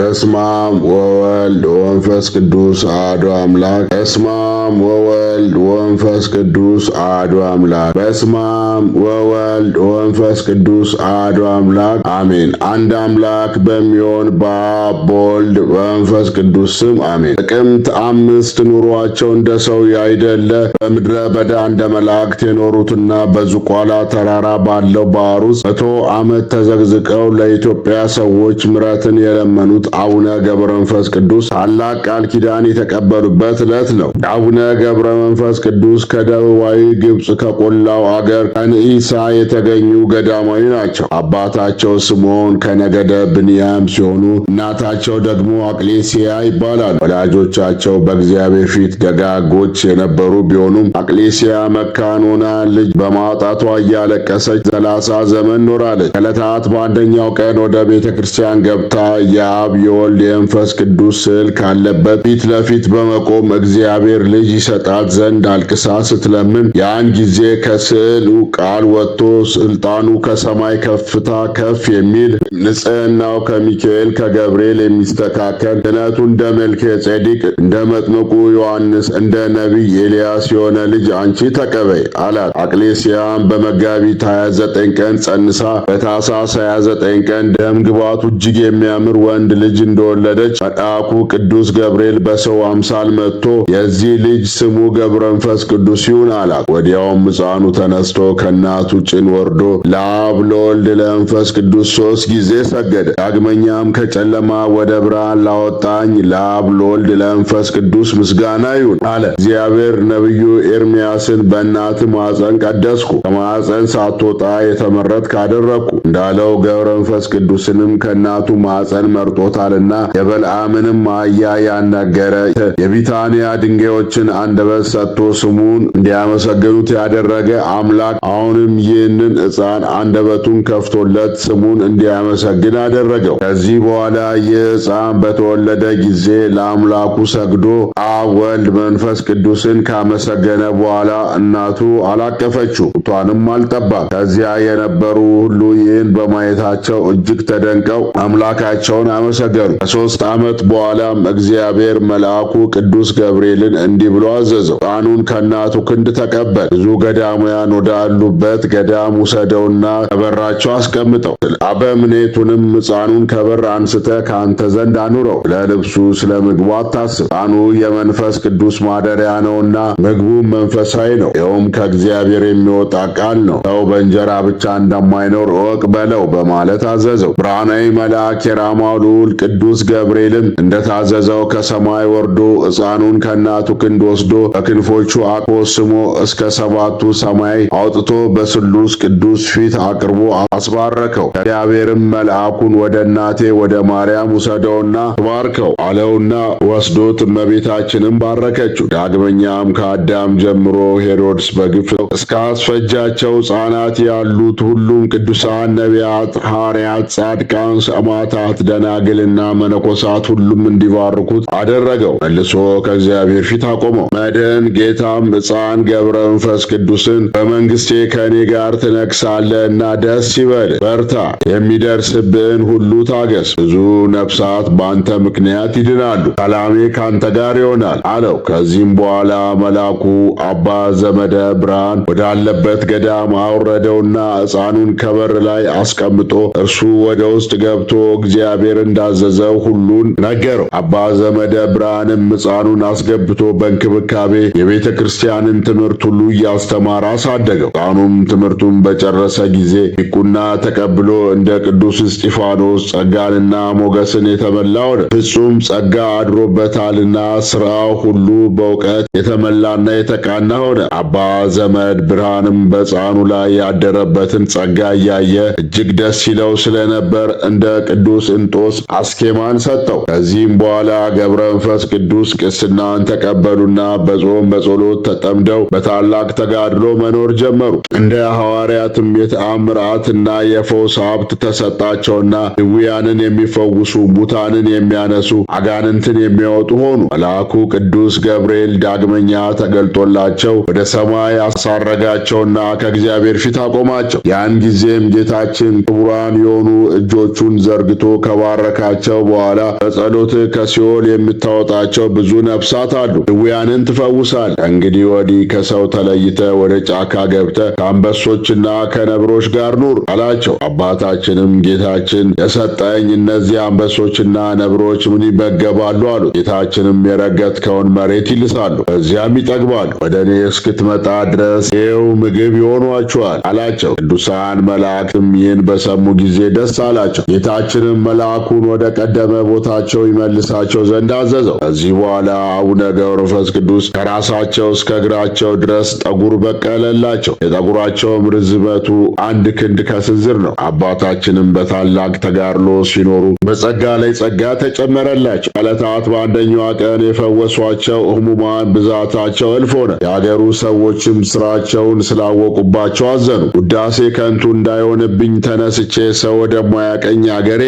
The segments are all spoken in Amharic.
በስማም ወወልድ ወንፈስ ቅዱስ አሐዱ አምላክ። በስማም ወወልድ ወንፈስ ቅዱስ አሐዱ አምላክ። በስማም ወወልድ ወንፈስ ቅዱስ አሐዱ አምላክ አሜን። አንድ አምላክ በሚሆን በአብ በወልድ በመንፈስ ቅዱስ ስም አሜን። ጥቅምት አምስት ኑሯቸው እንደ ሰው ያይደለ በምድረ በዳ እንደ መላእክት የኖሩትና በዝቋላ ተራራ ባለው ባህር ውስጥ መቶ ዓመት ተዘግዝቀው ለኢትዮጵያ ሰዎች ምረትን የለመኑት የሆኑት አቡነ ገብረ መንፈስ ቅዱስ ታላቅ ቃል ኪዳን የተቀበሉበት ዕለት ነው። አቡነ ገብረ መንፈስ ቅዱስ ከደቡባዊ ግብፅ ከቆላው አገር ከንኢሳ የተገኙ ገዳማዊ ናቸው። አባታቸው ስምዖን ከነገደ ብንያም ሲሆኑ እናታቸው ደግሞ አቅሌሲያ ይባላሉ። ወላጆቻቸው በእግዚአብሔር ፊት ደጋጎች የነበሩ ቢሆኑም አቅሌሲያ መካን ሆና ልጅ በማጣቷ እያለቀሰች ሰላሳ ዘመን ኖራለች። ከዕለታት በአንደኛው ቀን ወደ ቤተ ክርስቲያን ገብታ የአብ የአብ የወልድ የመንፈስ ቅዱስ ስዕል ካለበት ፊት ለፊት በመቆም እግዚአብሔር ልጅ ይሰጣት ዘንድ አልቅሳ ስትለምን ያን ጊዜ ከስዕሉ ቃል ወጥቶ ስልጣኑ ከሰማይ ከፍታ ከፍ የሚል ንጽህናው ከሚካኤል ከገብርኤል የሚስተካከል ድነቱ እንደ መልከ ጼዴቅ እንደ መጥምቁ ዮሐንስ እንደ ነቢይ ኤልያስ የሆነ ልጅ አንቺ ተቀበይ አላት። አቅሌስያም በመጋቢት 29 ቀን ጸንሳ በታሳስ 29 ቀን ደም ግባቱ እጅግ የሚያምር ወንድ ልጅ እንደወለደች መልአኩ ቅዱስ ገብርኤል በሰው አምሳል መጥቶ የዚህ ልጅ ስሙ ገብረ መንፈስ ቅዱስ ይሁን አላት። ወዲያውም ሕፃኑ ተነስቶ ከእናቱ ጭን ወርዶ ለአብ ለወልድ ለመንፈስ ቅዱስ ሶስት ጊዜ ሰገደ። ዳግመኛም ከጨለማ ወደ ብርሃን ላወጣኝ ለአብ ለወልድ ለመንፈስ ቅዱስ ምስጋና ይሁን አለ። እግዚአብሔር ነቢዩ ኤርምያስን በእናት ማዕፀን ቀደስኩ ከማፀን ሳትወጣ የተመረት ካደረግኩ እንዳለው ገብረ መንፈስ ቅዱስንም ከእናቱ ማፀን መርጦ አውጥቶታልና የበልዓምንም አህያ ያናገረ የቢታንያ ድንጋዮችን አንደበት ሰጥቶ ስሙን እንዲያመሰግኑት ያደረገ አምላክ አሁንም ይህንን ሕፃን አንደበቱን ከፍቶለት ስሙን እንዲያመሰግን አደረገው። ከዚህ በኋላ ይህ ሕፃን በተወለደ ጊዜ ለአምላኩ ሰግዶ አብ፣ ወልድ፣ መንፈስ ቅዱስን ካመሰገነ በኋላ እናቱ አላቀፈችው፣ ጡቷንም አልጠባም። ከዚያ የነበሩ ሁሉ ይህን በማየታቸው እጅግ ተደንቀው አምላካቸውን አመሰ አመሰገኑ። ከሶስት ዓመት በኋላም እግዚአብሔር መልአኩ ቅዱስ ገብርኤልን እንዲህ ብሎ አዘዘው፣ ሕፃኑን ከእናቱ ክንድ ተቀበል፣ ብዙ ገዳማውያን ወዳሉበት ገዳም ውሰደውና ከበራቸው አስቀምጠው፣ ስለ አበምኔቱንም ሕፃኑን ከበር አንስተ ከአንተ ዘንድ አኑረው፣ ስለ ልብሱ ስለ ምግቡ አታስብ፣ ሕፃኑ የመንፈስ ቅዱስ ማደሪያ ነውና ምግቡም መንፈሳዊ ነው፣ ይኸውም ከእግዚአብሔር የሚወጣ ቃል ነው፣ ሰው በእንጀራ ብቻ እንደማይኖር እወቅ በለው በማለት አዘዘው። ብርሃናዊ መልአክ የራማው ልዑል ቅዱስ ገብርኤልም እንደታዘዘው ከሰማይ ወርዶ ሕፃኑን ከእናቱ ክንድ ወስዶ በክንፎቹ አኮስሞ እስከ ሰባቱ ሰማይ አውጥቶ በስሉስ ቅዱስ ፊት አቅርቦ አስባረከው። እግዚአብሔርም መልአኩን ወደ እናቴ ወደ ማርያም ውሰደውና ባርከው አለውና ወስዶት እመቤታችንም ባረከችው። ዳግመኛም ከአዳም ጀምሮ ሄሮድስ በግፍ እስካስፈጃቸው ሕፃናት ያሉት ሁሉም ቅዱሳን ነቢያት፣ ሐዋርያት፣ ጻድቃን፣ ሰማዕታት፣ ደናግል ኃይልና መነኮሳት ሁሉም እንዲባርኩት አደረገው። መልሶ ከእግዚአብሔር ፊት አቆመው። መድህን ጌታም ሕፃን ገብረ መንፈስ ቅዱስን በመንግስቴ ከእኔ ጋር እና ደስ ይበል። በርታ፣ የሚደርስብን ሁሉ ታገስ፣ ብዙ ነፍሳት በአንተ ምክንያት ይድናሉ፣ ሰላሜ ካንተ ጋር ይሆናል አለው። ከዚህም በኋላ መልአኩ አባ ዘመደ ብርሃን ወዳለበት ገዳም አውረደውና ሕፃኑን ከበር ላይ አስቀምጦ እርሱ ወደ ውስጥ ገብቶ እግዚአብሔር እንዳ እንዳዘዘው ሁሉን ነገረው። አባ ዘመደ ብርሃንም ሕፃኑን አስገብቶ በእንክብካቤ የቤተ ክርስቲያንን ትምህርት ሁሉ እያስተማረ አሳደገው። ሕፃኑም ትምህርቱን በጨረሰ ጊዜ ቁና ተቀብሎ እንደ ቅዱስ እስጢፋኖስ ጸጋንና ሞገስን የተመላ ሆነ። ፍጹም ጸጋ አድሮበታልና ሥራ ሁሉ በእውቀት የተመላና የተቃና ሆነ። አባ ዘመድ ብርሃንም በሕፃኑ ላይ ያደረበትን ጸጋ እያየ እጅግ ደስ ይለው ስለነበር እንደ ቅዱስ እንጦስ አስኬማን ሰጠው። ከዚህም በኋላ ገብረ መንፈስ ቅዱስ ቅስናን ተቀበሉና በጾም በጸሎት ተጠምደው በታላቅ ተጋድሎ መኖር ጀመሩ። እንደ ሐዋርያትም የተአምራትና የፈውስ ሀብት ተሰጣቸውና ድውያንን የሚፈውሱ፣ ሙታንን የሚያነሱ፣ አጋንንትን የሚያወጡ ሆኑ። መልአኩ ቅዱስ ገብርኤል ዳግመኛ ተገልጦላቸው ወደ ሰማይ አሳረጋቸውና ከእግዚአብሔር ፊት አቆማቸው። ያን ጊዜም ጌታችን ክቡራን የሆኑ እጆቹን ዘርግቶ ከባረከ ካቸው በኋላ በጸሎት ከሲኦል የምታወጣቸው ብዙ ነፍሳት አሉ። ድውያንን ትፈውሳል። እንግዲህ ወዲህ ከሰው ተለይተ ወደ ጫካ ገብተ ከአንበሶችና ከነብሮች ጋር ኑር አላቸው። አባታችንም ጌታችን የሰጠኝ እነዚህ አንበሶችና ነብሮች ምን ይመገባሉ አሉት። ጌታችንም የረገጥከውን መሬት ይልሳሉ፣ በዚያም ይጠግባሉ። ወደ እኔ እስክትመጣ ድረስ ይኸው ምግብ ይሆኗቸዋል አላቸው። ቅዱሳን መላእክትም ይህን በሰሙ ጊዜ ደስ አላቸው። ጌታችንም መልአኩን ወደ ቀደመ ቦታቸው ይመልሳቸው ዘንድ አዘዘው። ከዚህ በኋላ አቡነ ገብረ መንፈስ ቅዱስ ከራሳቸው እስከ እግራቸው ድረስ ጠጉር በቀለላቸው። የጠጉራቸውም ርዝመቱ አንድ ክንድ ከስንዝር ነው። አባታችንም በታላቅ ተጋድሎ ሲኖሩ በጸጋ ላይ ጸጋ ተጨመረላቸው። ከዕለታት በአንደኛዋ ቀን የፈወሷቸው ሕሙማን ብዛታቸው እልፍ ሆነ። የአገሩ ሰዎችም ስራቸውን ስላወቁባቸው አዘኑ። ውዳሴ ከንቱ እንዳይሆንብኝ ተነስቼ ሰው ወደማያቀኝ አገር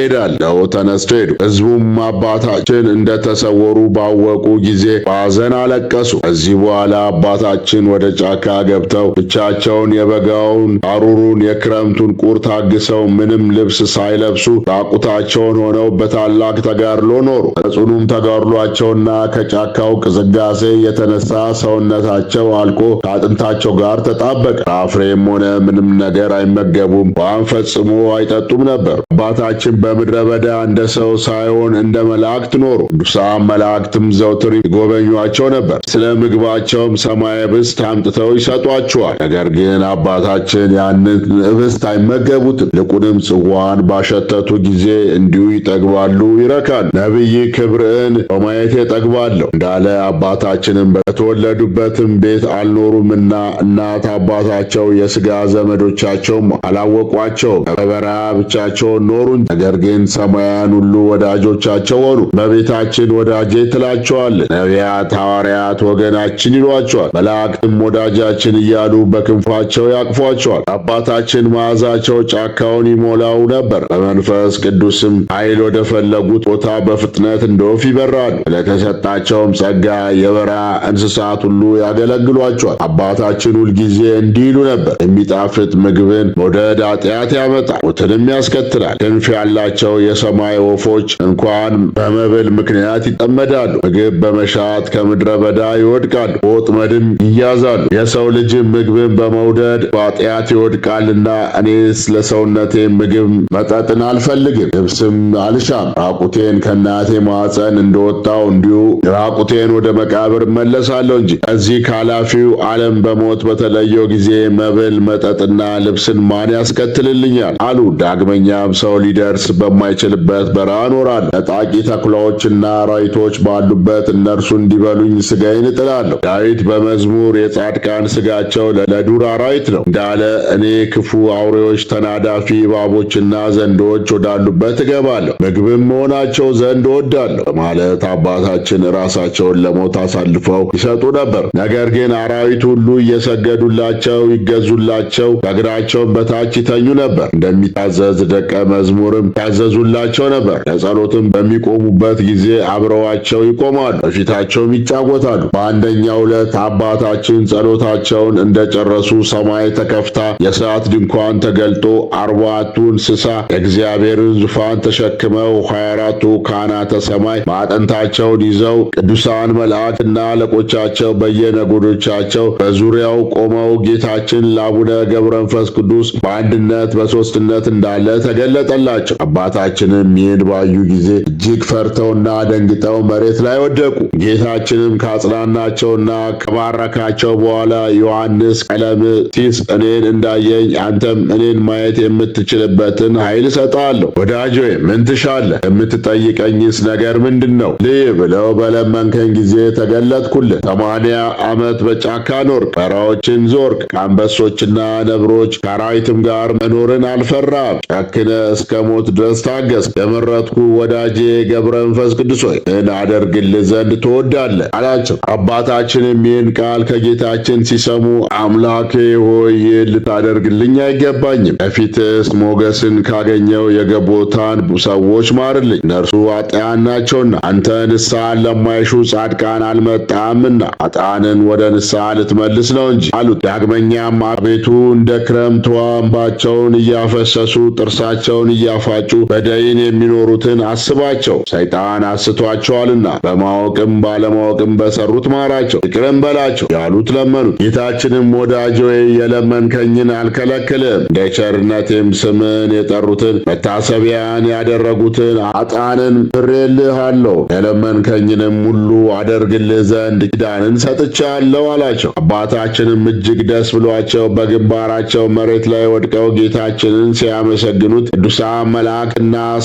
ተነ ተነስተው ሄዱ። ሕዝቡም አባታችን እንደተሰወሩ ባወቁ ጊዜ ባዘን አለቀሱ። ከዚህ በኋላ አባታችን ወደ ጫካ ገብተው ብቻቸውን የበጋውን አሩሩን የክረምቱን ቁር ታግሰው ምንም ልብስ ሳይለብሱ ራቁታቸውን ሆነው በታላቅ ተጋድሎ ኖሩ። ከጽኑም ተጋድሏቸውና ከጫካው ቅዝጋሴ የተነሳ ሰውነታቸው አልቆ ከአጥንታቸው ጋር ተጣበቀ። ፍራፍሬም ሆነ ምንም ነገር አይመገቡም፣ ውሃም ፈጽሞ አይጠጡም ነበር። አባታችን በምድረ በዳ እንደ ሰው ሳይሆን እንደ መላእክት ኖሩ። ቅዱሳን መላእክትም ዘውትር ይጎበኟቸው ነበር። ስለ ምግባቸውም ሰማይ ብስት አምጥተው ይሰጧቸዋል። ነገር ግን አባታችን ያንን ህብስት አይመገቡትም። ይልቁንም ጽዋን ባሸተቱ ጊዜ እንዲሁ ይጠግባሉ፣ ይረካሉ። ነቢይ ክብርን በማየት የጠግባለሁ እንዳለ አባታችንም በተወለዱበትም ቤት አልኖሩምና እናት አባታቸው የስጋ ዘመዶቻቸውም አላወቋቸውም። በበረሃ ብቻቸውን ኖሩ። ነገር ግን ሰማያን ሁሉ ወዳጆቻቸው ሆኑ። እመቤታችን ወዳጄ ትላቸዋለን። ነቢያት፣ ሐዋርያት ወገናችን ይሏቸዋል። መላእክትም ወዳጃችን እያሉ በክንፋቸው ያቅፏቸዋል። አባታችን መዓዛቸው ጫካውን ይሞላው ነበር። በመንፈስ ቅዱስም ኃይል ወደ ፈለጉት ቦታ በፍጥነት እንደ ወፍ ይበራሉ። ለተሰጣቸውም ጸጋ የበረሃ እንስሳት ሁሉ ያገለግሏቸዋል። አባታችን ሁልጊዜ እንዲህ ይሉ ነበር፣ የሚጣፍጥ ምግብን መውደድ ኃጢአት ያመጣል፣ ሞትንም ያስከትላል። ክንፍ ያላቸው የሰማይ ወፎች እንኳን በመብል ምክንያት ይጠመዳሉ። ምግብ በመሻት ከምድረ በዳ ይወድቃሉ፣ በወጥመድም ይያዛሉ። የሰው ልጅ ምግብን በመውደድ በኃጢአት ይወድቃልና እኔስ ለሰውነቴ ምግብ መጠጥን አልፈልግም፣ ልብስም አልሻም። ራቁቴን ከእናቴ ማኅፀን እንደወጣው እንዲሁ ራቁቴን ወደ መቃብር መለሳለሁ እንጂ ከዚህ ካላፊው ዓለም በሞት በተለየው ጊዜ መብል መጠጥና ልብስን ማን ያስከትልልኛል? አሉ። ዳግመኛም ሰው ሊደርስ በማይችልበት እየሰበረ አኖራለሁ። ነጣቂ ተኩላዎችና አራዊቶች ባሉበት እነርሱ እንዲበሉኝ ሥጋዬን እጥላለሁ። ዳዊት በመዝሙር የጻድቃን ስጋቸው ለዱር አራዊት ነው እንዳለ እኔ ክፉ አውሬዎች፣ ተናዳፊ እባቦችና ዘንዶዎች ወዳሉበት እገባለሁ፣ ምግብም መሆናቸው ዘንድ እወዳለሁ በማለት አባታችን ራሳቸውን ለሞት አሳልፈው ይሰጡ ነበር። ነገር ግን አራዊት ሁሉ እየሰገዱላቸው ይገዙላቸው፣ ከእግራቸውን በታች ይተኙ ነበር። እንደሚታዘዝ ደቀ መዝሙርም ያዘዙላቸው ነበር። ለጸሎትም በሚቆሙበት ጊዜ አብረዋቸው ይቆማሉ፣ በፊታቸውም ይጫወታሉ። በአንደኛው ዕለት አባታችን ጸሎታቸውን እንደጨረሱ ሰማይ ተከፍታ የእሳት ድንኳን ተገልጦ አርባቱ እንስሳ የእግዚአብሔርን ዙፋን ተሸክመው ሀያ አራቱ ካህናተ ሰማይ ማዕጠንታቸውን ይዘው ቅዱሳን መላእክትና አለቆቻቸው በየነጎዶቻቸው በዙሪያው ቆመው ጌታችን ለአቡነ ገብረ መንፈስ ቅዱስ በአንድነት በሦስትነት እንዳለ ተገለጠላቸው። አባታችንም ይህን ባዩ ጊዜ እጅግ ፈርተውና ደንግጠው መሬት ላይ ወደቁ። ጌታችንም ካጽናናቸውና ከባረካቸው በኋላ ዮሐንስ ቀለምሲስ እኔን እንዳየኝ አንተም እኔን ማየት የምትችልበትን ኃይል እሰጥሃለሁ። ወዳጅ ወይ ምን ትሻለህ? የምትጠይቀኝስ ነገር ምንድን ነው? ልይ ብለው በለመንከኝ ጊዜ ተገለጥኩልህ። ሰማንያ ዓመት በጫካ ኖርክ፣ ተራሮችን ዞርክ፣ ከአንበሶችና ነብሮች ከአራዊትም ጋር መኖርን አልፈራም። ጨክነ እስከ ሞት ድረስ ታገስ። ያመረትኩ ወዳጄ ገብረ መንፈስ ቅዱስ ሆይ ምን አደርግልህ ዘንድ ትወዳለህ አላቸው። አባታችን ይህን ቃል ከጌታችን ሲሰሙ አምላኬ ሆይ ይህን ልታደርግልኝ አይገባኝም፣ በፊትስ ሞገስን ካገኘው የገቦታን ሰዎች ማርልኝ፣ እነርሱ ኃጥአን ናቸውና። አንተ ንስሐን ለማይሹ ጻድቃን አልመጣምና አጣንን ወደ ንስሐ ልትመልስ ነው እንጂ አሉት። ዳግመኛም አቤቱ እንደ ክረምት ውሃ እንባቸውን እያፈሰሱ ጥርሳቸውን እያፋጩ በደይን የሚ የሚኖሩትን አስባቸው። ሰይጣን አስቷቸዋልና በማወቅም ባለማወቅም በሰሩት ማራቸው፣ ይቅርም በላቸው ያሉት ለመኑት። ጌታችንም ወዳጄ የለመንከኝን አልከለክልም፣ እንደ ቸርነቴም ስምን የጠሩትን መታሰቢያን ያደረጉትን አጣንን ፍሬልህ አለው። የለመንከኝንም ሁሉ አደርግልህ ዘንድ ኪዳንን ሰጥቻለሁ አላቸው። አባታችንም እጅግ ደስ ብሏቸው በግንባራቸው መሬት ላይ ወድቀው ጌታችንን ሲያመሰግኑት ቅዱሳን መልአክና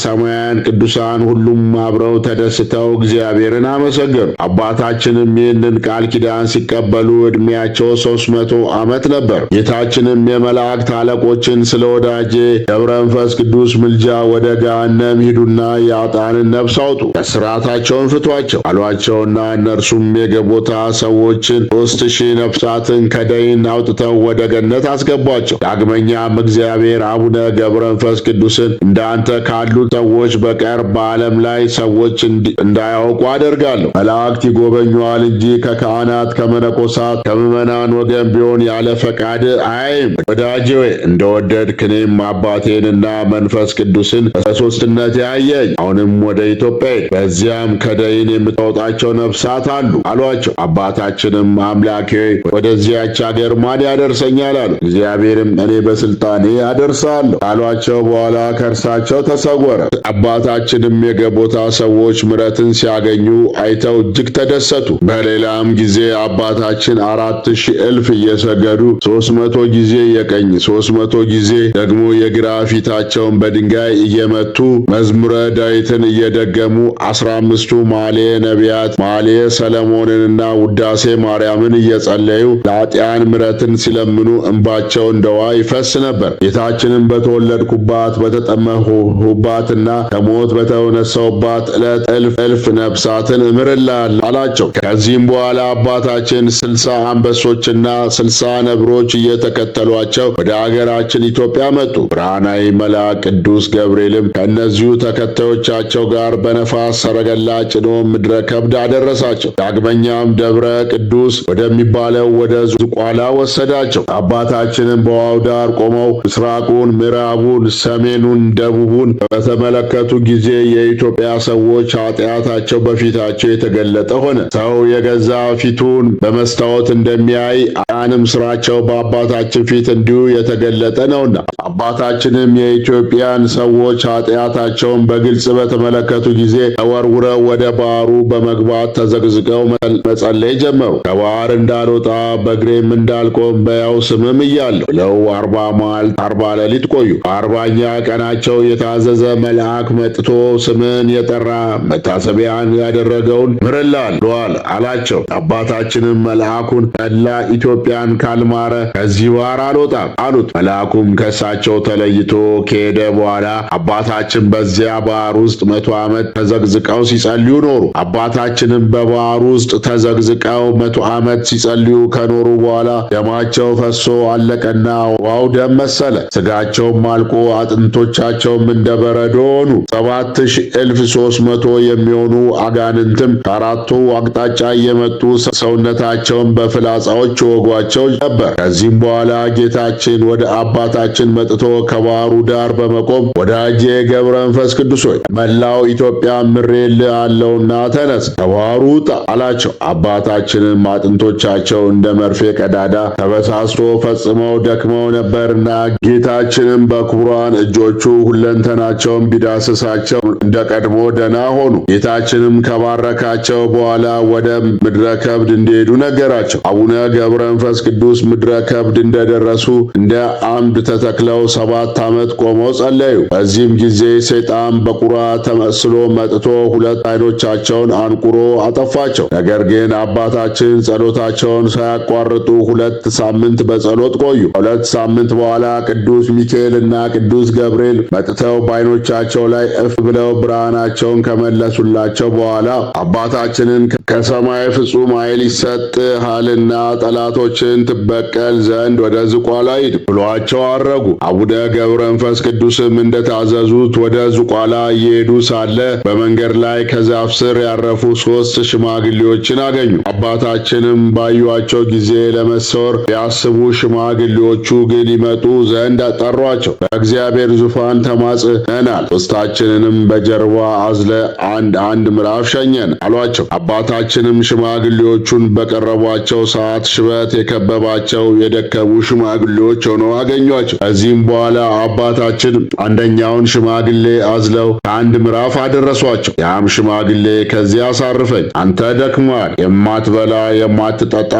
ሰማ ዘላለማውያን ቅዱሳን ሁሉም አብረው ተደስተው እግዚአብሔርን አመሰገኑ። አባታችንም ይህንን ቃል ኪዳን ሲቀበሉ ዕድሜያቸው ሦስት መቶ ዓመት ነበር። ጌታችንም የመላእክት አለቆችን ስለ ወዳጄ ደብረ መንፈስ ቅዱስ ምልጃ ወደ ገሃነም ሂዱና የአጣንን ነፍስ አውጡ፣ ከሥርዓታቸውን ፍቷቸው አሏቸውና እነርሱም የገቦታ ሰዎችን ሦስት ሺህ ነፍሳትን ከደይን አውጥተው ወደ ገነት አስገቧቸው። ዳግመኛም እግዚአብሔር አቡነ ገብረ መንፈስ ቅዱስን እንዳንተ ካሉ ሰዎች ሰዎች በቀር በዓለም ላይ ሰዎች እንዳያውቁ አደርጋለሁ። መላእክት ይጎበኘዋል እንጂ ከካህናት ከመነኮሳት ከምዕመናን ወገን ቢሆን ያለ ፈቃድ አይም። ወዳጄ እንደወደድክ እኔም አባቴንና መንፈስ ቅዱስን በሦስትነት ያየኝ። አሁንም ወደ ኢትዮጵያ ሄድ፣ በዚያም ከደይን የምታወጣቸው ነፍሳት አሉ አሏቸው። አባታችንም አምላኬ ወደዚያች አገር ማን ያደርሰኛል አሉ። እግዚአብሔርም እኔ በስልጣኔ አደርሳለሁ ካሏቸው በኋላ ከእርሳቸው ተሰወረ። አባታችንም የገቦታ ሰዎች ምረትን ሲያገኙ አይተው እጅግ ተደሰቱ። በሌላም ጊዜ አባታችን አራት ሺህ እልፍ እየሰገዱ ሶስት መቶ ጊዜ የቀኝ ሶስት መቶ ጊዜ ደግሞ የግራ ፊታቸውን በድንጋይ እየመቱ መዝሙረ ዳዊትን እየደገሙ አስራ አምስቱ ማሌ ነቢያት ማሌ ሰለሞንንና ውዳሴ ማርያምን እየጸለዩ ለአጢያን ምረትን ሲለምኑ እንባቸው እንደዋ ይፈስ ነበር። ጌታችንም በተወለድኩባት በተጠመሁባትና ከሞት በተነሳውባት ዕለት እልፍ እልፍ ነፍሳትን እምርላል አላቸው። ከዚህም በኋላ አባታችን ስልሳ አንበሶችና ስልሳ ነብሮች እየተከተሏቸው ወደ አገራችን ኢትዮጵያ መጡ። ብርሃናዊ መልአክ ቅዱስ ገብርኤልም ከእነዚሁ ተከታዮቻቸው ጋር በነፋስ ሰረገላ ጭኖ ምድረ ከብድ አደረሳቸው። ዳግመኛም ደብረ ቅዱስ ወደሚባለው ወደ ዝቋላ ወሰዳቸው። አባታችንም በዋው ዳር ቆመው ምስራቁን፣ ምዕራቡን፣ ሰሜኑን፣ ደቡቡን በተመለ በተመለከቱ ጊዜ የኢትዮጵያ ሰዎች ኃጢአታቸው በፊታቸው የተገለጠ ሆነ። ሰው የገዛ ፊቱን በመስታወት እንደሚያይ አንም ስራቸው በአባታችን ፊት እንዲሁ የተገለጠ ነውና አባታችንም የኢትዮጵያን ሰዎች ኃጢአታቸውን በግልጽ በተመለከቱ ጊዜ ተወርውረው ወደ ባህሩ በመግባት ተዘግዝቀው መጸለይ ጀመሩ። ከባህር እንዳልወጣ በእግሬም እንዳልቆም በያው ስምም እያለሁ ብለው አርባ መዓልት አርባ ሌሊት ቆዩ። በአርባኛ ቀናቸው የታዘዘ መልአ መልአክ መጥቶ ስምን የጠራ መታሰቢያን ያደረገውን ምርላል ብለዋል አላቸው። አባታችንም መልአኩን መላ ኢትዮጵያን ካልማረ ከዚህ ባህር አልወጣም አሉት። መልአኩም ከእሳቸው ተለይቶ ከሄደ በኋላ አባታችን በዚያ ባህር ውስጥ መቶ ዓመት ተዘግዝቀው ሲጸልዩ ኖሩ። አባታችንም በባህር ውስጥ ተዘግዝቀው መቶ ዓመት ሲጸልዩ ከኖሩ በኋላ ደማቸው ፈሶ አለቀና ዋው ደም መሰለ። ስጋቸውም አልቆ አጥንቶቻቸውም እንደ በረዶ ሆኑ። 7300 የሚሆኑ አጋንንትም ከአራቱ አቅጣጫ እየመጡ ሰውነታቸውን በፍላጻዎች ወጓቸው ነበር። ከዚህም በኋላ ጌታችን ወደ አባታችን መጥቶ ከባህሩ ዳር በመቆም ወዳጄ ገብረ መንፈስ ቅዱሶች መላው ኢትዮጵያ ምሬል አለውና ተነስ፣ ከባህሩ ውጣ አላቸው። አባታችንም አጥንቶቻቸው እንደ መርፌ ቀዳዳ ተበሳስቶ ፈጽመው ደክመው ነበርና ጌታችንም በኩራን እጆቹ ሁለንተናቸውን ቢዳ ሲዳስሳቸው እንደ ቀድሞ ደና ሆኑ። ጌታችንም ከባረካቸው በኋላ ወደ ምድረ ከብድ እንዲሄዱ ነገራቸው። አቡነ ገብረ መንፈስ ቅዱስ ምድረ ከብድ እንደደረሱ እንደ አምድ ተተክለው ሰባት ዓመት ቆመው ጸለዩ። በዚህም ጊዜ ሰይጣን በቁራ ተመስሎ መጥቶ ሁለት ዓይኖቻቸውን አንቁሮ አጠፋቸው። ነገር ግን አባታችን ጸሎታቸውን ሳያቋርጡ ሁለት ሳምንት በጸሎት ቆዩ። ከሁለት ሳምንት በኋላ ቅዱስ ሚካኤል እና ቅዱስ ገብርኤል መጥተው በዓይኖቻቸው በላያቸው ላይ እፍ ብለው ብርሃናቸውን ከመለሱላቸው በኋላ አባታችንን ከሰማይ ፍጹም ኃይል ይሰጥሃልና ጠላቶችን ትበቀል ዘንድ ወደ ዝቋላ ሂድ ብሏቸው አረጉ። አቡነ ገብረ መንፈስ ቅዱስም እንደታዘዙት ወደ ዝቋላ እየሄዱ ሳለ በመንገድ ላይ ከዛፍ ስር ያረፉ ሶስት ሽማግሌዎችን አገኙ። አባታችንም ባዩቸው ጊዜ ለመሰወር ያስቡ ሽማግሌዎቹ ግን ይመጡ ዘንድ አጠሯቸው። በእግዚአብሔር ዙፋን ተማጽነናል፣ ርስታችንንም በጀርባ አዝለ አንድ አንድ ምዕራፍ ሸኘን አሏቸው። አባታችንም ሽማግሌዎቹን በቀረቧቸው ሰዓት ሽበት የከበባቸው የደከሙ ሽማግሌዎች ሆነው አገኟቸው። ከዚህም በኋላ አባታችን አንደኛውን ሽማግሌ አዝለው ከአንድ ምዕራፍ አደረሷቸው። ያም ሽማግሌ ከዚህ አሳርፈኝ፣ አንተ ደክሟል፣ የማትበላ የማትጠጣ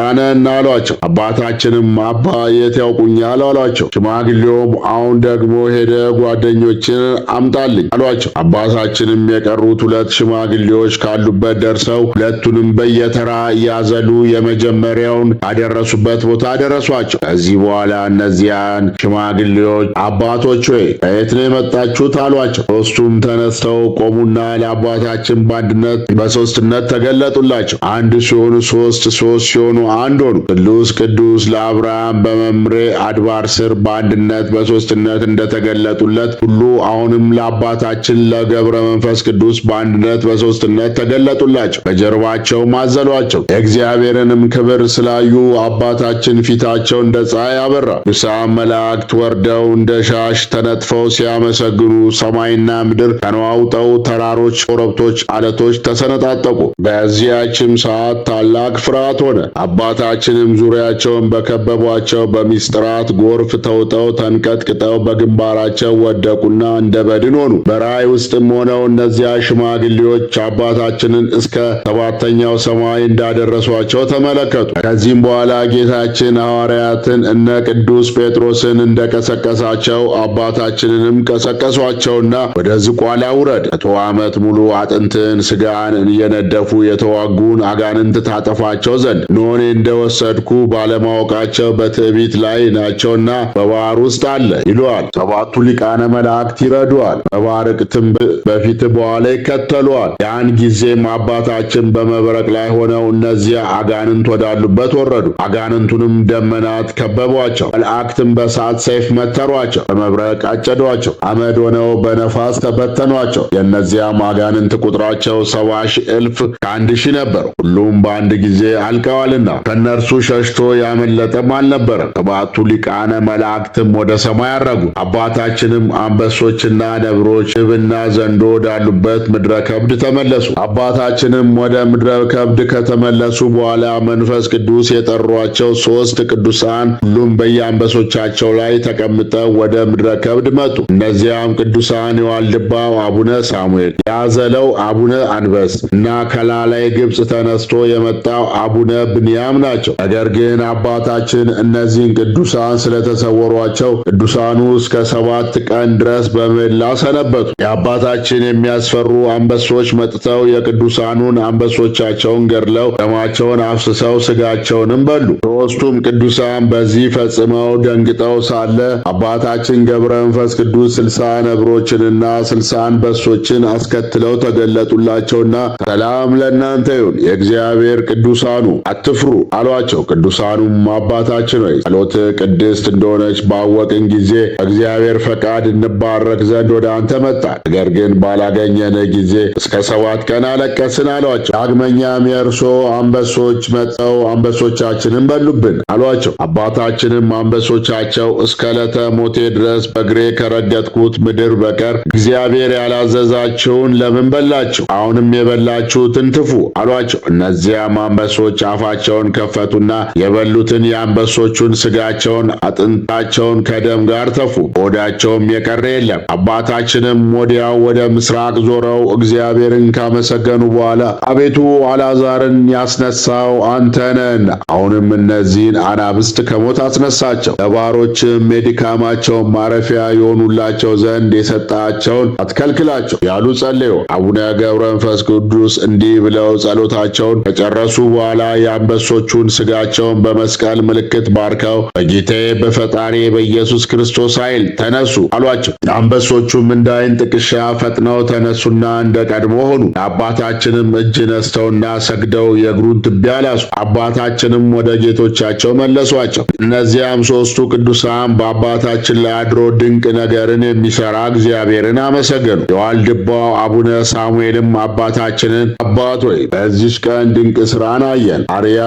አሏቸው። አባታችንም አባ የት ያውቁኛል አሏቸው። ሽማግሌውም አሁን ደግሞ ሄደ ጓደኞችን አምጣልኝ አድርግልኝ አሏቸው። አባታችንም የቀሩት ሁለት ሽማግሌዎች ካሉበት ደርሰው ሁለቱንም በየተራ እያዘሉ የመጀመሪያውን ያደረሱበት ቦታ ደረሷቸው። ከዚህ በኋላ እነዚያን ሽማግሌዎች አባቶች ሆይ ከየት ነው የመጣችሁት አሏቸው። ሦስቱም ተነስተው ቆሙና ለአባታችን በአንድነት በሦስትነት ተገለጡላቸው። አንድ ሲሆኑ ሦስት፣ ሦስት ሲሆኑ አንድ ሆኑ። ቅዱስ ቅዱስ ለአብርሃም በመምሬ አድባር ስር በአንድነት በሦስትነት እንደተገለጡለት ሁሉ አሁንም ለአባ አባታችን ለገብረ መንፈስ ቅዱስ በአንድነት በሦስትነት ተገለጡላቸው፣ በጀርባቸው ማዘሏቸው። የእግዚአብሔርንም ክብር ስላዩ አባታችን ፊታቸው እንደ ፀሐይ አበራ። ቅዱሳን መላእክት ወርደው እንደ ሻሽ ተነጥፈው ሲያመሰግኑ ሰማይና ምድር ተነዋውጠው ተራሮች፣ ኮረብቶች፣ አለቶች ተሰነጣጠቁ። በዚያችም ሰዓት ታላቅ ፍርሃት ሆነ። አባታችንም ዙሪያቸውን በከበቧቸው በሚስጥራት ጎርፍ ተውጠው ተንቀጥቅጠው በግንባራቸው ወደቁና እንደ በድን ሆኑ። በራእይ ውስጥም ሆነው እነዚያ ሽማግሌዎች አባታችንን እስከ ሰባተኛው ሰማይ እንዳደረሷቸው ተመለከቱ። ከዚህም በኋላ ጌታችን ሐዋርያትን እነ ቅዱስ ጴጥሮስን እንደቀሰቀሳቸው አባታችንንም ቀሰቀሷቸውና ወደ ዝቋላ ውረድ፣ መቶ ዓመት ሙሉ አጥንትን ስጋን እየነደፉ የተዋጉን አጋንንት ታጠፋቸው ዘንድ ኖኔ እንደወሰድኩ ባለማወቃቸው በትዕቢት ላይ ናቸውና በባህር ውስጥ አለ ይለዋል። ሰባቱ ሊቃነ መላእክት ይረዱዋል። ነጸባርቅ ትንብል በፊት በኋላ ይከተሏል። ያን ጊዜም አባታችን በመብረቅ ላይ ሆነው እነዚያ አጋንንት ወዳሉበት ወረዱ። አጋንንቱንም ደመናት ከበቧቸው። መላእክትም በሳት ሰይፍ መተሯቸው፣ በመብረቅ አጨዷቸው፣ አመድ ሆነው በነፋስ ተበተኗቸው። የእነዚያም አጋንንት ቁጥራቸው ሰባ ሺ እልፍ ከአንድ ሺህ ነበሩ። ሁሉም በአንድ ጊዜ አልቀዋልና ከእነርሱ ሸሽቶ ያመለጠም አልነበረም። ሰባቱ ሊቃነ መላእክትም ወደ ሰማይ አረጉ። አባታችንም አንበሶችና ነብሮ በጎች፣ ብና ዘንዶ ወዳሉበት ምድረ ከብድ ተመለሱ። አባታችንም ወደ ምድረ ከብድ ከተመለሱ በኋላ መንፈስ ቅዱስ የጠሯቸው ሶስት ቅዱሳን ሁሉም በየአንበሶቻቸው ላይ ተቀምጠው ወደ ምድረ ከብድ መጡ። እነዚያም ቅዱሳን የዋልድባው አቡነ ሳሙኤል፣ ያዘለው አቡነ አንበስ እና ከላላይ ግብፅ ተነስቶ የመጣው አቡነ ብንያም ናቸው። ነገር ግን አባታችን እነዚህን ቅዱሳን ስለተሰወሯቸው ቅዱሳኑ እስከ ሰባት ቀን ድረስ በመላ ሰነ ሰነበቱ። የአባታችን የሚያስፈሩ አንበሶች መጥተው የቅዱሳኑን አንበሶቻቸውን ገድለው ደማቸውን አፍስሰው ስጋቸውንም በሉ። ሦስቱም ቅዱሳን በዚህ ፈጽመው ደንግጠው ሳለ አባታችን ገብረ መንፈስ ቅዱስ ስልሳ ነብሮችንና ስልሳ አንበሶችን አስከትለው ተገለጡላቸውና ሰላም ለእናንተ ይሁን፣ የእግዚአብሔር ቅዱሳኑ አትፍሩ አሏቸው። ቅዱሳኑም አባታችን ሆይ ጸሎት ቅድስት እንደሆነች ባወቅን ጊዜ በእግዚአብሔር ፈቃድ እንባረክ ዘንድ ወደ አንተ ተመጣ ነገር ግን ባላገኘን ጊዜ እስከ ሰባት ቀን አለቀስን አሏቸው። ዳግመኛም የእርሶ አንበሶች መጥተው አንበሶቻችንን በሉብን አሏቸው። አባታችንም አንበሶቻቸው እስከ ዕለተ ሞቴ ድረስ በእግሬ ከረገጥኩት ምድር በቀር እግዚአብሔር ያላዘዛችሁን ለምን በላችሁ? አሁንም የበላችሁትን ትፉ አሏቸው። እነዚያም አንበሶች አፋቸውን ከፈቱና የበሉትን የአንበሶቹን ስጋቸውን አጥንታቸውን ከደም ጋር ተፉ። በሆዳቸውም የቀረ የለም። አባታችን ሰዎችንም ወዲያ ወደ ምስራቅ ዞረው እግዚአብሔርን ካመሰገኑ በኋላ አቤቱ አልዓዛርን ያስነሳው አንተነን አሁንም እነዚህን አናብስት ከሞት አስነሳቸው፣ ለባሮችም የድካማቸውን ማረፊያ የሆኑላቸው ዘንድ የሰጣቸውን አትከልክላቸው ያሉ ጸለዩ። አቡነ ገብረ መንፈስ ቅዱስ እንዲህ ብለው ጸሎታቸውን ከጨረሱ በኋላ የአንበሶቹን ስጋቸውን በመስቀል ምልክት ባርከው በጌታዬ በፈጣሪ በኢየሱስ ክርስቶስ ኃይል ተነሱ አሏቸው። አንበሶቹም እንደ ጉዳይን ጥቅሻ ፈጥነው ተነሱና እንደ ቀድሞ ሆኑ። የአባታችንም እጅ ነስተውና ሰግደው የእግሩን ትቢያ ላሱ። አባታችንም ወደ ጌቶቻቸው መለሷቸው። እነዚያም ሦስቱ ቅዱሳን በአባታችን ላይ አድሮ ድንቅ ነገርን የሚሠራ እግዚአብሔርን አመሰገኑ። የዋልድባው አቡነ ሳሙኤልም አባታችንን አባት ሆይ በዚች ቀን ድንቅ ሥራን አየን። አርያ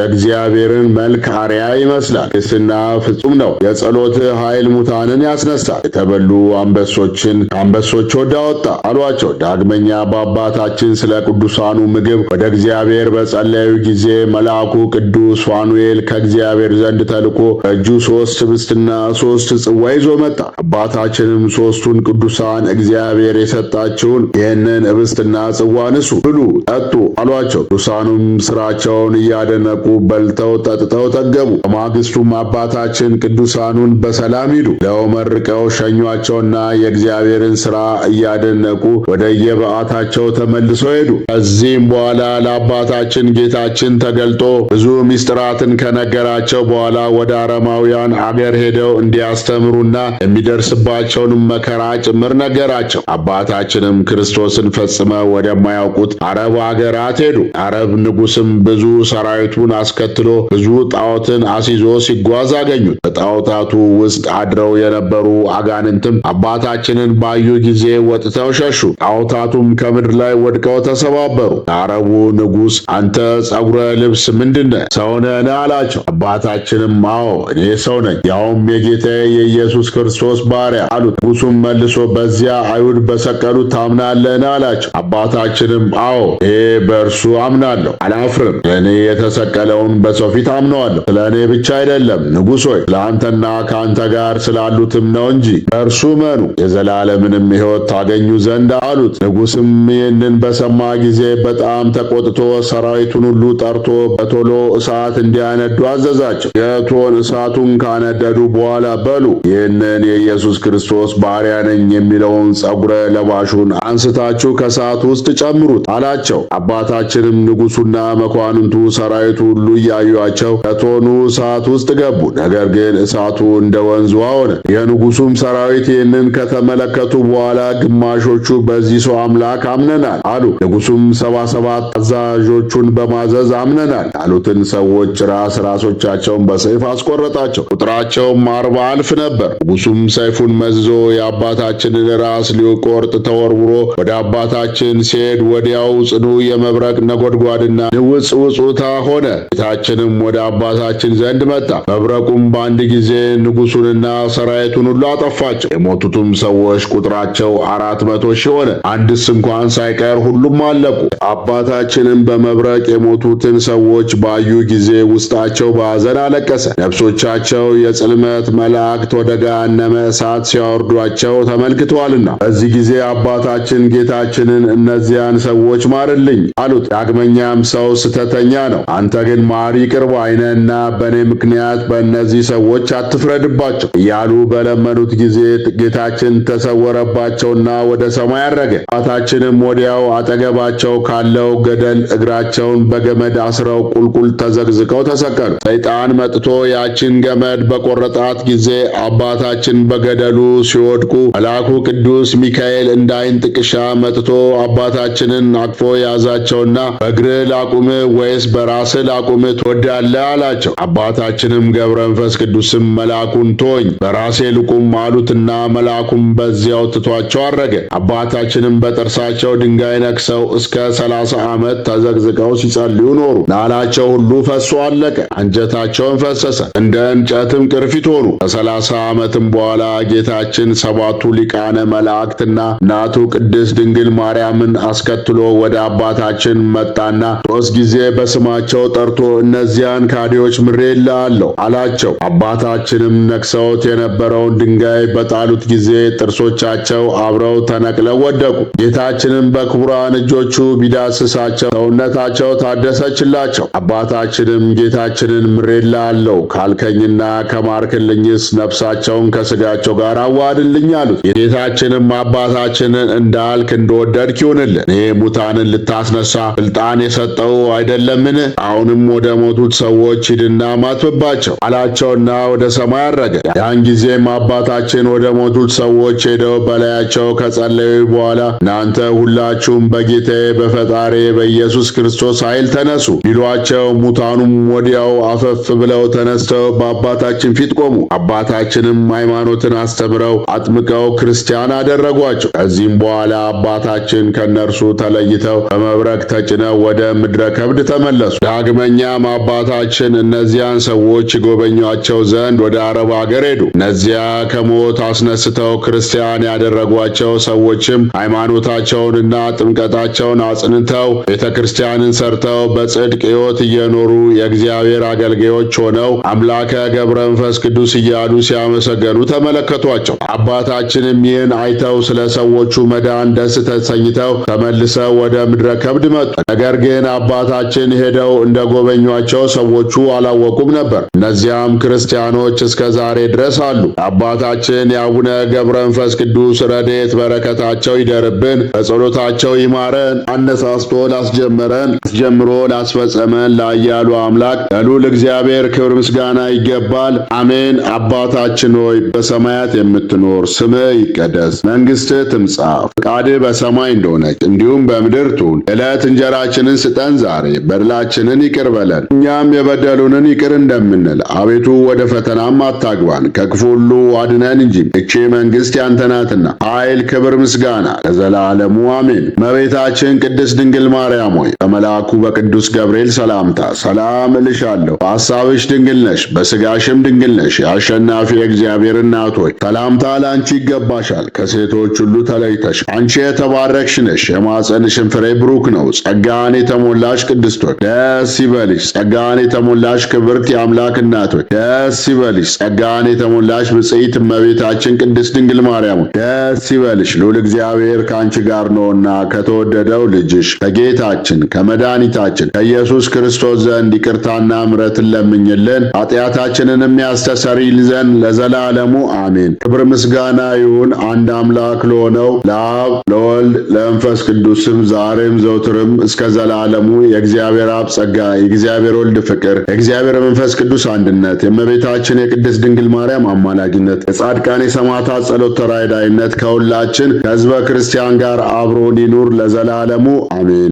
የእግዚአብሔርን መልክ አርያ ይመስላል። ቅስና ፍጹም ነው። የጸሎት ኃይል ሙታንን ያስነሳል። የተበሉ አንበሶችን ከአንበሶች ሆድ አወጣ አሏቸው። ዳግመኛ በአባታችን ስለ ቅዱሳኑ ምግብ ወደ እግዚአብሔር በጸለዩ ጊዜ መልአኩ ቅዱስ ፋኑኤል ከእግዚአብሔር ዘንድ ተልኮ በእጁ ሶስት ህብስትና ሶስት ጽዋ ይዞ መጣ። አባታችንም ሶስቱን ቅዱሳን እግዚአብሔር የሰጣችውን ይህንን ህብስትና ጽዋ ንሱ፣ ብሉ፣ ጠጡ አሏቸው። ቅዱሳኑም ስራቸውን እያደነቁ በልተው ጠጥተው ተገቡ። በማግስቱም አባታችን ቅዱሳኑን በሰላም ሂዱ ለው መርቀው ሸኟቸውና የእግዚአብሔር የእግዚአብሔርን ሥራ እያደነቁ ወደ የበዓታቸው ተመልሶ ሄዱ። ከዚህም በኋላ ለአባታችን ጌታችን ተገልጦ ብዙ ምስጢራትን ከነገራቸው በኋላ ወደ አረማውያን አገር ሄደው እንዲያስተምሩና የሚደርስባቸውንም መከራ ጭምር ነገራቸው። አባታችንም ክርስቶስን ፈጽመው ወደማያውቁት አረብ አገራት ሄዱ። አረብ ንጉሥም ብዙ ሰራዊቱን አስከትሎ ብዙ ጣዖትን አስይዞ ሲጓዝ አገኙት። በጣዖታቱ ውስጥ አድረው የነበሩ አጋንንትም አባታችንን ይህንን ባዩ ጊዜ ወጥተው ሸሹ። ጣዖታቱም ከምድር ላይ ወድቀው ተሰባበሩ። ለአረቡ ንጉሥ አንተ ጸጉረ ልብስ ምንድነ ሰውነን አላቸው። አባታችንም አዎ እኔ ሰው ነኝ፣ ያውም የጌታ የኢየሱስ ክርስቶስ ባሪያ አሉት። ንጉሡም መልሶ በዚያ አይሁድ በሰቀሉት ታምናለህን አላቸው። አባታችንም አዎ ይሄ በእርሱ አምናለሁ፣ አላፍርም። እኔ የተሰቀለውን በሰው ፊት አምነዋለሁ። ስለ እኔ ብቻ አይደለም ንጉሥ ሆይ ስለ አንተና ከአንተ ጋር ስላሉትም ነው እንጂ በእርሱ መኑ የዘላ የዘላለምንም ሕይወት ታገኙ ዘንድ አሉት። ንጉሥም ይህንን በሰማ ጊዜ በጣም ተቆጥቶ ሰራዊቱን ሁሉ ጠርቶ በቶሎ እሳት እንዲያነዱ አዘዛቸው። የእቶን እሳቱን ካነደዱ በኋላ በሉ ይህንን የኢየሱስ ክርስቶስ ባሪያ ነኝ የሚለውን ጸጉረ ለባሹን አንስታችሁ ከእሳት ውስጥ ጨምሩት አላቸው። አባታችንም ንጉሡና መኳንንቱ ሰራዊቱ ሁሉ እያዩቸው ከቶኑ እሳት ውስጥ ገቡ። ነገር ግን እሳቱ እንደ ወንዙ ሆነ። የንጉሡም ሰራዊት ይህንን ከተመለከ ከተመለከቱ በኋላ ግማሾቹ በዚህ ሰው አምላክ አምነናል አሉ። ንጉሱም ሰባ ሰባት አዛዦቹን በማዘዝ አምነናል ያሉትን ሰዎች ራስ ራሶቻቸውን በሰይፍ አስቆረጣቸው። ቁጥራቸውም አርባ አልፍ ነበር። ንጉሱም ሰይፉን መዝዞ የአባታችንን ራስ ሊቆርጥ ተወርውሮ ወደ አባታችን ሲሄድ ወዲያው ጽኑ የመብረቅ ነጎድጓድና ንውጽ ውፁታ ሆነ። ጌታችንም ወደ አባታችን ዘንድ መጣ። መብረቁም በአንድ ጊዜ ንጉሱንና ሰራዊቱን ሁሉ አጠፋቸው። የሞቱትም ሰዎች ሰዎች ቁጥራቸው አራት መቶ ሺህ ሆነ። አንድስ እንኳን ሳይቀር ሁሉም አለቁ። አባታችንም በመብረቅ የሞቱትን ሰዎች ባዩ ጊዜ ውስጣቸው በሐዘን አለቀሰ። ነፍሶቻቸው የጽልመት መላእክት ወደ ገሃነመ እሳት ሲያወርዷቸው ተመልክተዋልና። በዚህ ጊዜ አባታችን ጌታችንን እነዚያን ሰዎች ማርልኝ አሉት። ዳግመኛም ሰው ስተተኛ ነው፣ አንተ ግን ማሪ ቅርብ አይነና በእኔ ምክንያት በእነዚህ ሰዎች አትፍረድባቸው እያሉ በለመኑት ጊዜ ጌታችን ተሰ ተሰወረባቸውና ወደ ሰማይ አረገ። አባታችንም ወዲያው አጠገባቸው ካለው ገደል እግራቸውን በገመድ አስረው ቁልቁል ተዘግዝቀው ተሰቀሉ። ሰይጣን መጥቶ ያችን ገመድ በቆረጣት ጊዜ አባታችን በገደሉ ሲወድቁ መልአኩ ቅዱስ ሚካኤል እንደ ዓይን ጥቅሻ መጥቶ አባታችንን አቅፎ ያዛቸውና በእግርህ ላቁም ወይስ በራስ ላቁም ትወዳለህ አላቸው። አባታችንም ገብረ መንፈስ ቅዱስም መልአኩን ቶኝ በራሴ ልቁም አሉትና መልአኩም በዛ ከዚያ ትቷቸው አረገ። አባታችንም በጥርሳቸው ድንጋይ ነክሰው እስከ ሰላሳ ዓመት ተዘግዝቀው ሲጸልዩ ኖሩ። ላላቸው ሁሉ ፈሶ አለቀ፣ አንጀታቸውን ፈሰሰ፣ እንደ እንጨትም ቅርፊት ሆኑ። ከሰላሳ ዓመትም በኋላ ጌታችን ሰባቱ ሊቃነ መላእክትና እናቱ ቅድስት ድንግል ማርያምን አስከትሎ ወደ አባታችን መጣና ሦስት ጊዜ በስማቸው ጠርቶ እነዚያን ካዲዎች ምሬ አለው አላቸው። አባታችንም ነክሰውት የነበረውን ድንጋይ በጣሉት ጊዜ ጥርሶ ልጆቻቸው አብረው ተነቅለው ወደቁ። ጌታችንም በክቡራን እጆቹ ቢዳስሳቸው ሰውነታቸው ታደሰችላቸው። አባታችንም ጌታችንን ምሬላ አለው ካልከኝና ከማርክልኝስ ነፍሳቸውን ከስጋቸው ጋር አዋድልኝ አሉት። ጌታችንም አባታችንን እንዳልክ እንደወደድክ ይሁንልን፣ እኔ ሙታንን ልታስነሳ ስልጣን የሰጠው አይደለምን? አሁንም ወደ ሞቱት ሰዎች ሂድና ማትብባቸው አላቸውና ወደ ሰማይ አረገ። ያን ጊዜም አባታችን ወደ ሞቱት ሰዎች ሄደ ሄደው በላያቸው ከጸለዩ በኋላ እናንተ ሁላችሁም በጌታዬ በፈጣሪ በኢየሱስ ክርስቶስ ኃይል ተነሱ ሊሏቸው፣ ሙታኑም ወዲያው አፈፍ ብለው ተነስተው በአባታችን ፊት ቆሙ። አባታችንም ሃይማኖትን አስተምረው አጥምቀው ክርስቲያን አደረጓቸው። ከዚህም በኋላ አባታችን ከእነርሱ ተለይተው በመብረቅ ተጭነው ወደ ምድረ ከብድ ተመለሱ። ዳግመኛም አባታችን እነዚያን ሰዎች ይጎበኟቸው ዘንድ ወደ አረብ አገር ሄዱ። እነዚያ ከሞት አስነስተው ክርስቲያን ሌዋውያን ያደረጓቸው ሰዎችም ሃይማኖታቸውንና ጥምቀታቸውን አጽንተው ቤተ ክርስቲያንን ሰርተው በጽድቅ ሕይወት እየኖሩ የእግዚአብሔር አገልጋዮች ሆነው አምላከ ገብረ መንፈስ ቅዱስ እያሉ ሲያመሰገኑ ተመለከቷቸው። አባታችንም ይህን አይተው ስለ ሰዎቹ መዳን ደስ ተሰኝተው ተመልሰው ወደ ምድረ ከብድ መጡ። ነገር ግን አባታችን ሄደው እንደ ጎበኟቸው ሰዎቹ አላወቁም ነበር። እነዚያም ክርስቲያኖች እስከ ዛሬ ድረስ አሉ። አባታችን የአቡነ ገብረ መንፈስ መንፈስ ቅዱስ ረድኤት በረከታቸው ይደርብን፣ በጸሎታቸው ይማረን። አነሳስቶ ላስጀመረን አስጀምሮ ላስፈጸመን ላያሉ አምላክ ለሉል እግዚአብሔር ክብር ምስጋና ይገባል። አሜን። አባታችን ሆይ በሰማያት የምትኖር ስምህ ይቀደስ፣ መንግሥትህ ትምጻ፣ ፈቃድህ በሰማይ እንደሆነች እንዲሁም በምድር ትሁን። የዕለት እንጀራችንን ስጠን ዛሬ፣ በደላችንን ይቅር በለን እኛም የበደሉንን ይቅር እንደምንል አቤቱ ወደ ፈተናም አታግባን ከክፉ ሁሉ አድነን እንጂ ይህች መንግሥት ያንተ ናትና ኃይል፣ ክብር፣ ምስጋና ለዘላለሙ አሜን። እመቤታችን ቅድስት ድንግል ማርያም ሆይ በመልአኩ በቅዱስ ገብርኤል ሰላምታ ሰላም እልሻለሁ። በሐሳብሽ ድንግል ነሽ፣ በሥጋሽም ድንግል ነሽ። የአሸናፊ የእግዚአብሔር እናት ሆይ ሰላምታ ለአንቺ ይገባሻል። ከሴቶች ሁሉ ተለይተሽ አንቺ የተባረክሽ ነሽ፣ የማጸንሽን ፍሬ ብሩክ ነው። ጸጋን የተሞላሽ ቅድስት ሆይ ደስ ይበልሽ። ጸጋን የተሞላሽ ክብርት የአምላክ እናት ሆይ ደስ ይበልሽ። ጸጋን የተሞላሽ ብፅዕት እመቤታችን ቅድስት ድንግል ማርያም ሰለሞን ደስ ይበልሽ፣ ልዑል እግዚአብሔር ከአንቺ ጋር ነውና ከተወደደው ልጅሽ ከጌታችን ከመድኃኒታችን ከኢየሱስ ክርስቶስ ዘንድ ይቅርታና ምሕረትን ለምኝልን ኃጢአታችንንም ያስተሰርይል ዘንድ ለዘላለሙ አሜን። ክብር ምስጋና ይሁን አንድ አምላክ ለሆነው ለአብ ለወልድ ለመንፈስ ቅዱስም ዛሬም ዘውትርም እስከ ዘላለሙ የእግዚአብሔር አብ ጸጋ የእግዚአብሔር ወልድ ፍቅር የእግዚአብሔር መንፈስ ቅዱስ አንድነት የእመቤታችን የቅድስት ድንግል ማርያም አማላጅነት የጻድቃን የሰማዕታት ጸሎት ተራ ተቀዳይነት ከሁላችን ከህዝበ ክርስቲያን ጋር አብሮ ሊኑር ለዘላለሙ አሜን።